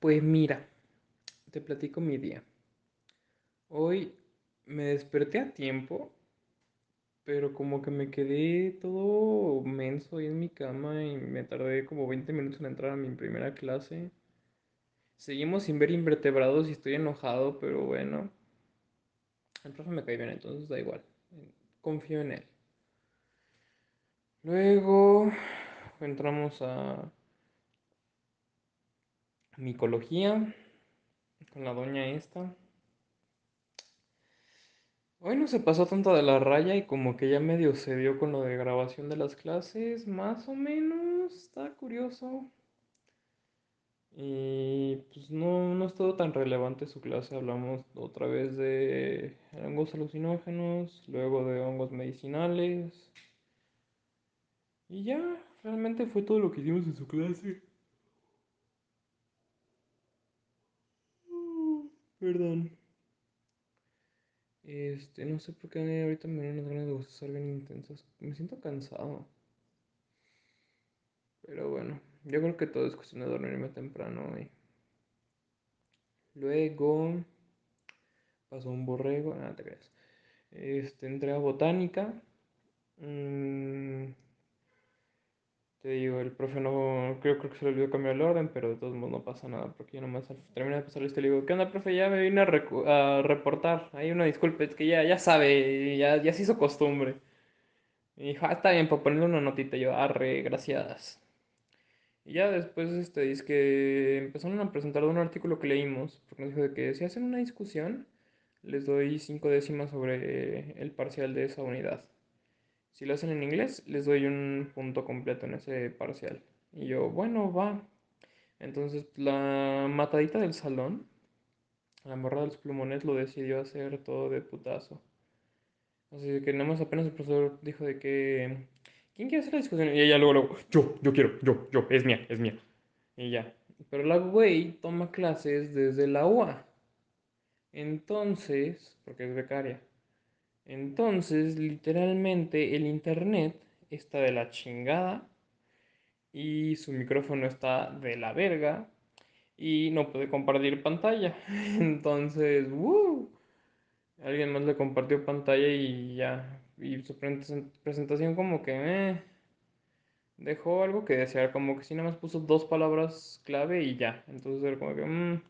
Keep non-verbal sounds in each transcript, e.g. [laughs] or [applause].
Pues mira, te platico mi día. Hoy me desperté a tiempo, pero como que me quedé todo menso ahí en mi cama y me tardé como 20 minutos en entrar a mi primera clase. Seguimos sin ver invertebrados y estoy enojado, pero bueno. El profe me cae bien, entonces da igual. Confío en él. Luego entramos a micología con la doña esta. Hoy no se pasó tanto de la raya y como que ya medio se dio con lo de grabación de las clases, más o menos, está curioso. Y pues no, no todo tan relevante su clase, hablamos otra vez de hongos alucinógenos, luego de hongos medicinales. Y ya, realmente fue todo lo que hicimos en su clase. Perdón. Este, no sé por qué eh, ahorita me dan unas ganas de bien intensas. Me siento cansado. Pero bueno, yo creo que todo es cuestión de dormirme temprano hoy. Luego pasó un borrego, nada te crees. Este, entrega botánica. Mm, te digo, el profe no, creo, creo que se le olvidó cambiar el orden, pero de todos modos no pasa nada, porque yo nomás termina de pasar esto y le digo, ¿qué onda, profe? Ya me vine a, reportar, hay una disculpa, es que ya, ya sabe, ya, ya se hizo costumbre. Y dijo, ah, está bien, para ponerle una notita, yo, arre, gracias. Y ya después, este, es que empezaron a presentar un artículo que leímos, porque nos dijo de que si hacen una discusión, les doy cinco décimas sobre el parcial de esa unidad. Si lo hacen en inglés, les doy un punto completo en ese parcial. Y yo, bueno, va. Entonces, la matadita del salón, la morra de los plumones, lo decidió hacer todo de putazo. Así que nada más apenas el profesor dijo de que, ¿quién quiere hacer la discusión? Y ella luego, yo, yo quiero, yo, yo, es mía, es mía. Y ya. Pero la güey toma clases desde la UA. Entonces, porque es becaria. Entonces, literalmente el internet está de la chingada y su micrófono está de la verga y no puede compartir pantalla. [laughs] Entonces, ¡uh! alguien más le compartió pantalla y ya. Y su presentación como que eh, dejó algo que desear, como que si nada más puso dos palabras clave y ya. Entonces era como que... Mm.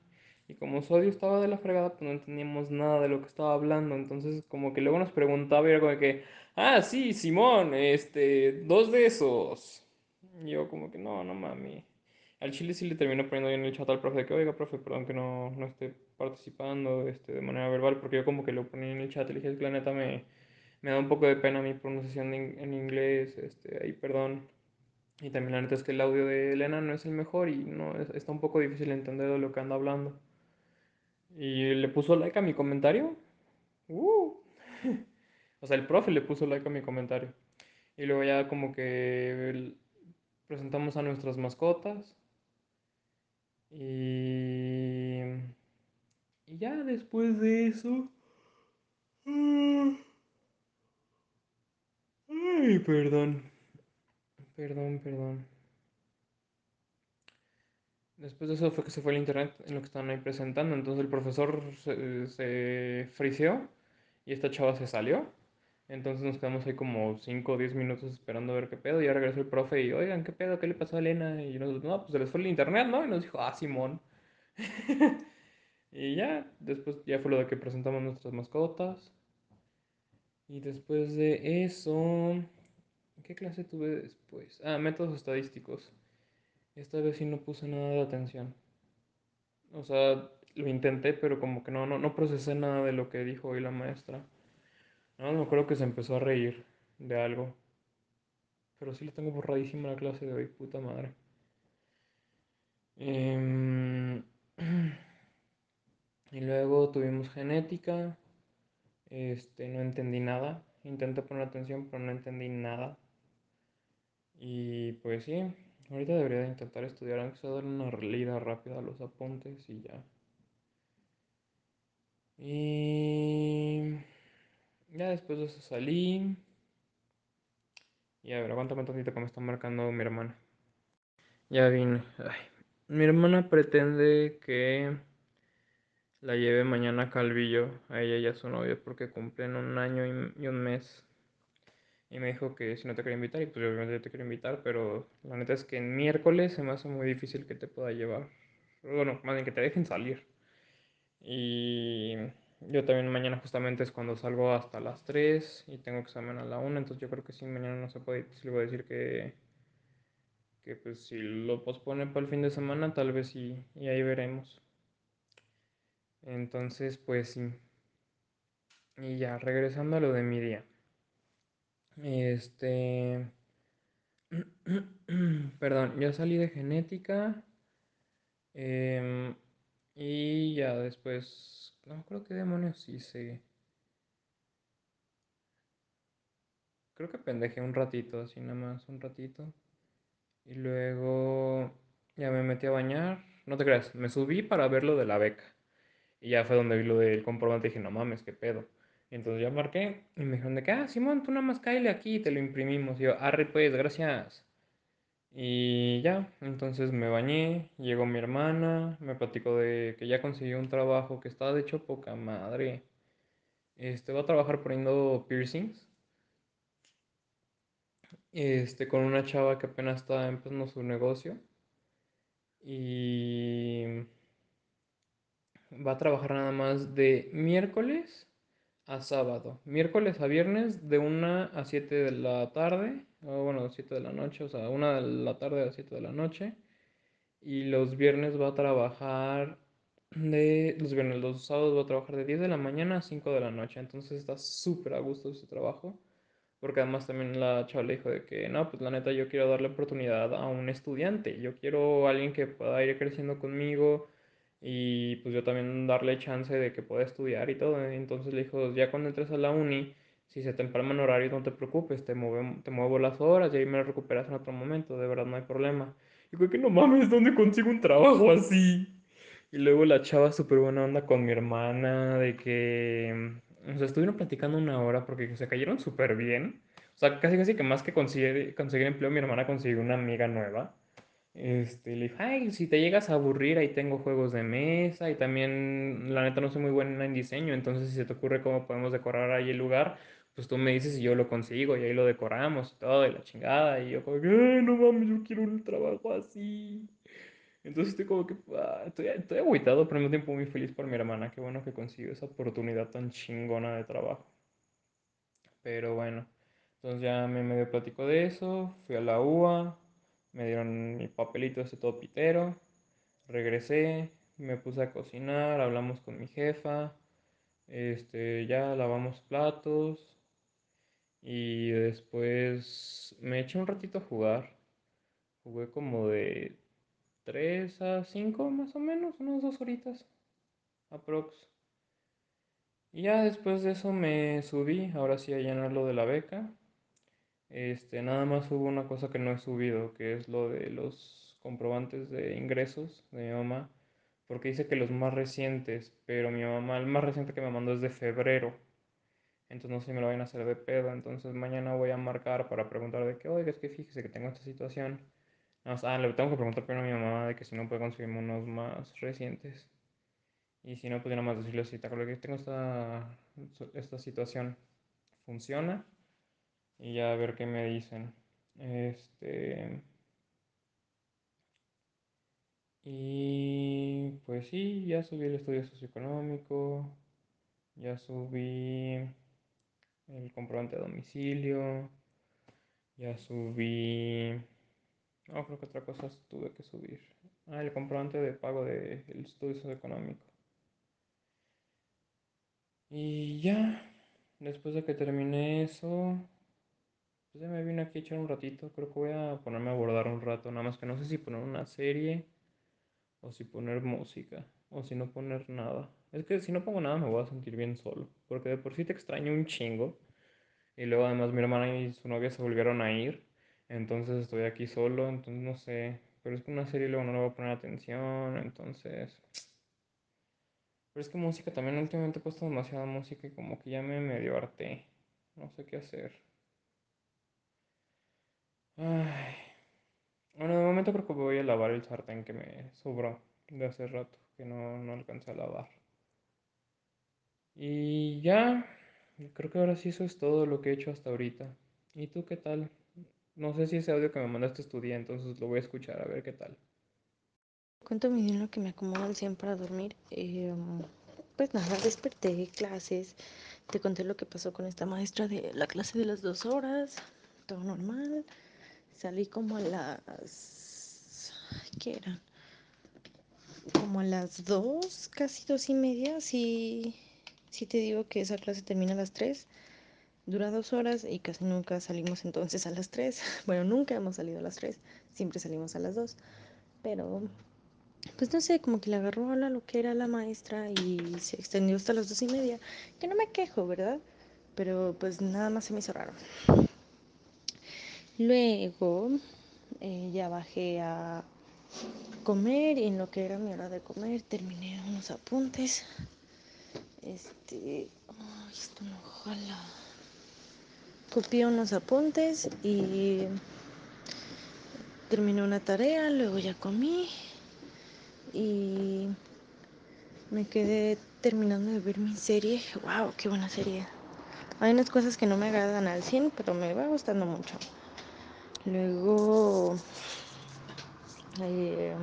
Y como Sodio estaba de la fregada, pues no entendíamos nada de lo que estaba hablando. Entonces, como que luego nos preguntaba y era como que, ah, sí, Simón, este, dos besos! Y yo como que, no, no mami. Al chile sí le terminó poniendo en el chat al profe que, oiga, profe, perdón que no, esté participando este, de manera verbal, porque yo como que lo ponía en el chat y le dije, que la neta me, me da un poco de pena mi pronunciación en inglés, este, ahí perdón. Y también la neta es que el audio de Elena no es el mejor y no, está un poco difícil entender lo que anda hablando. Y le puso like a mi comentario. Uh. [laughs] o sea, el profe le puso like a mi comentario. Y luego ya como que presentamos a nuestras mascotas. Y, y ya después de eso... Mm, ay, perdón. Perdón, perdón. Después de eso fue que se fue el internet en lo que estaban ahí presentando. Entonces el profesor se, friseó y esta chava se salió. Entonces nos quedamos ahí como 5 o 10 minutos esperando a ver qué pedo. Y ya regresó el profe y, oigan, ¿qué pedo? ¿Qué le pasó a Elena? Y nosotros, no, pues se les fue el internet, ¿no? Y nos dijo, ah, Simón. [laughs] y ya, después ya fue lo de que presentamos nuestras mascotas. Y después de eso, ¿qué clase tuve después? Ah, métodos estadísticos. Esta vez sí no puse nada de atención. O sea, lo intenté, pero como que no, no, procesé nada de lo que dijo hoy la maestra. No, me creo que se empezó a reír de algo. Pero sí le tengo borradísima la clase de hoy, puta madre. Em, [clears throat] y luego tuvimos genética. Este, no entendí nada. Intenté poner atención, pero no entendí nada. Y pues sí, Ahorita debería intentar estudiar, aunque de dar una relida rápida a los apuntes y ya. Y ya después de eso salí. Y a ver, aguanta un tantito que me está marcando mi hermana. Ya vine. Mi hermana pretende que la lleve mañana a Calvillo, a ella y a su novia porque cumplen un año y un mes y me dijo que si no te quería invitar, y pues obviamente yo te quiero invitar, pero la neta es que en miércoles se me hace muy difícil que te pueda llevar. Bueno, más bien que te dejen salir. Y yo también mañana justamente es cuando salgo hasta las 3 y tengo examen a la 1, entonces yo creo que sí, mañana no se puede, Si le voy a decir que, que pues si lo pospone para el fin de semana, tal vez sí, y ahí veremos. Entonces, pues sí. Y ya, regresando a lo de mi día. Este. [clears throat] Perdón, ya salí de genética. Em, y ya después. No creo que demonios hice. Creo que pendeje un ratito, así nada más, un ratito. Y luego ya me metí a bañar. No te creas, me subí para ver lo de la beca. Y ya fue donde vi lo del comprobante y dije, no mames, qué pedo. Entonces ya marqué y me dijeron de que, ah, Simón, tú nada más caile aquí y te lo imprimimos. Y yo, arre pues, gracias. Y ya, entonces me bañé, llegó mi hermana, me platicó de que ya consiguió un trabajo que estaba de hecho poca madre. Este, va a trabajar poniendo piercings. Este, con una chava que apenas está empezando su negocio. Y va a trabajar nada más de miércoles a sábado. Miércoles a viernes de 1 a 7 de la tarde. O bueno, 7 de la noche, o sea, 1 de la tarde a 7 de la noche. Y los viernes va a trabajar de los viernes, los sábados va a trabajar de 10 de la mañana a 5 de la noche. Entonces está súper a gusto su trabajo. Porque además también la chava dijo de que, no, pues la neta yo quiero darle oportunidad a un estudiante. Yo quiero a alguien que pueda ir creciendo conmigo, y pues yo también darle chance de que pueda estudiar y todo. ¿eh? Entonces le dijo, ya cuando entres a la uni, si se te empalma en horario, no te preocupes, te, te muevo las horas y ahí me las recuperas en otro momento, de verdad no hay problema. Y fue que no mames, ¿dónde consigo un trabajo así? Y luego la chava súper buena onda con mi hermana, de que, mm, o sea, estuvieron platicando una hora porque se cayeron súper bien. O sea, casi casi que más que conseguir, conseguir empleo, mi hermana consiguió una amiga nueva. Este, le dije, ay, si te llegas a aburrir, ahí tengo juegos de mesa y también, la neta, no soy muy buena en diseño, entonces si se te ocurre cómo podemos decorar ahí el lugar, pues tú me dices y yo lo consigo y ahí lo decoramos y todo, y la chingada, y yo como, no mames, yo quiero un trabajo así. Entonces estoy como que, ah, estoy, estoy agüitado, pero al mismo tiempo muy feliz por mi hermana, qué bueno que consiguió esa oportunidad tan chingona de trabajo. Pero bueno, entonces ya me medio platico de eso, fui a la UA me dieron mi papelito este todo pitero, regresé, me puse a cocinar, hablamos con mi jefa, este, ya lavamos platos y después me eché un ratito a jugar, jugué como de 3 a 5 más o menos, unas dos horitas aprox. Y ya después de eso me subí, ahora sí a llenar lo de la beca este, nada más hubo una cosa que no he subido, que es lo de los comprobantes de ingresos de mi mamá, porque dice que los más recientes, pero mi mamá, el más reciente que me mandó es de febrero. Entonces no sé si me lo van a hacer de pedo. Entonces mañana voy a marcar para preguntar de que, oiga, es que fíjese que tengo esta situación. Más, ah, le tengo que preguntar primero a mi mamá de que si no puede conseguirme unos más recientes. Y si no, pues nada más decirle si que tengo esta, esta situación. ¿Funciona? y ya a ver qué me dicen. Este. Y pues sí, ya subí el estudio socioeconómico, ya subí el comprobante de domicilio, ya subí... No, creo que otra cosa tuve que subir. Ah, el comprobante de pago del estudio socioeconómico. Y ya, después de que terminé eso, entonces pues, me vine aquí a echar un ratito. Creo que voy a ponerme a bordar un rato. Nada más que no sé si poner una serie o si poner música o si no poner nada. Es que si no pongo nada me voy a sentir bien solo. Porque de por sí te extraño un chingo. Y luego además mi hermana y su novia se volvieron a ir. Entonces estoy aquí solo. Entonces no sé. Pero es que una serie luego no le voy a poner atención. Entonces... Pero es que música también últimamente he puesto demasiada música y como que ya me medio harté. No sé qué hacer. Ay. Bueno, de momento creo que voy a lavar el sartén que me sobró de hace rato, que no, no alcancé a lavar. Y ya, creo que ahora sí eso es todo lo que he hecho hasta ahorita. ¿Y tú qué tal? No sé si ese audio que me mandaste estudié, entonces lo voy a escuchar a ver qué tal. Cuento mi lo que me acomodan siempre 100 para dormir. Em, pues nada, desperté clases. Te conté lo que pasó con esta maestra de la clase de las dos horas. Todo normal. Salí como a las... ¿Qué eran? Como a las dos, casi dos y media. Si, si te digo que esa clase termina a las tres, dura dos horas y casi nunca salimos entonces a las tres. [laughs] Bueno, nunca hemos salido a las tres, siempre salimos a las dos. Pero, pues no sé, como que la agarró a la lo que era la maestra y se extendió hasta las dos y media. Que no me quejo, ¿verdad? Pero pues nada más se me hizo raro. Luego eh, ya bajé a comer y en lo que era mi hora de comer terminé unos apuntes. Este, esto no jala. Copié unos apuntes y terminé una tarea, luego ya comí y me quedé terminando de ver mi serie. ¡Wow! ¡Qué buena serie! Hay unas cosas que no me agradan al 100, pero me va gustando mucho. Luego, eh,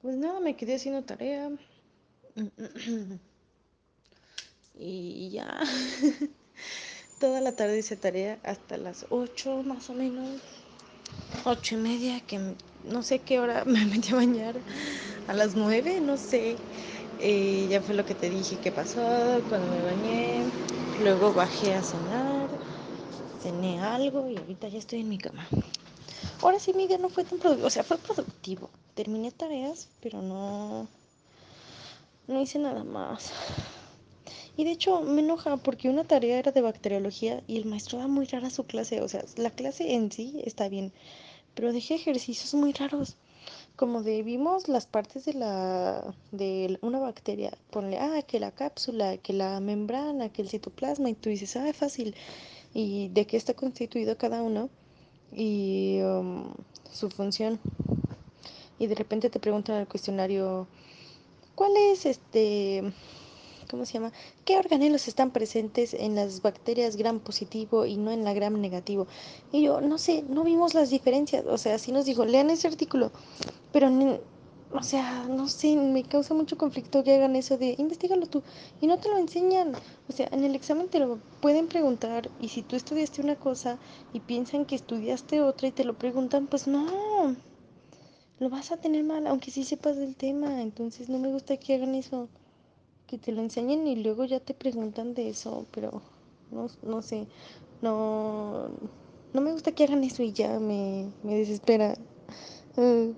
pues nada, me quedé haciendo tarea. [clears throat] y ya, [laughs] toda la tarde hice tarea hasta las 8 más o menos, ocho y media, que no sé qué hora [laughs] me metí a bañar, a las 9, no sé. Eh, ya fue lo que te dije que pasó cuando me bañé. Luego bajé a cenar cené algo y ahorita ya estoy en mi cama. Ahora sí mi día no fue tan productivo, o sea, fue productivo. Terminé tareas, pero no no hice nada más. Y de hecho me enoja porque una tarea era de bacteriología y el maestro da muy rara su clase, o sea, la clase en sí está bien, pero dejé ejercicios muy raros. Como de vimos las partes de la de una bacteria, ponle ah, que la cápsula, que la membrana, que el citoplasma y tú dices, "Ah, fácil." y de qué está constituido cada uno y um, su función. Y de repente te preguntan en el cuestionario, ¿cuál es este, cómo se llama? ¿Qué organelos están presentes en las bacterias gram positivo y no en la gram negativo? Y yo, no sé, no vimos las diferencias. O sea, así nos dijo, lean ese artículo, pero o sea, no sé, me causa mucho conflicto que hagan eso de investigalo tú y no te lo enseñan. O sea, en el examen te lo pueden preguntar y si tú estudiaste una cosa y piensan que estudiaste otra y te lo preguntan, pues no, lo vas a tener mal, aunque sí sepas del tema. Entonces no me gusta que hagan eso, que te lo enseñen y luego ya te preguntan de eso, pero no, sé, no, no me gusta que hagan eso y ya me, me desespera. Mm.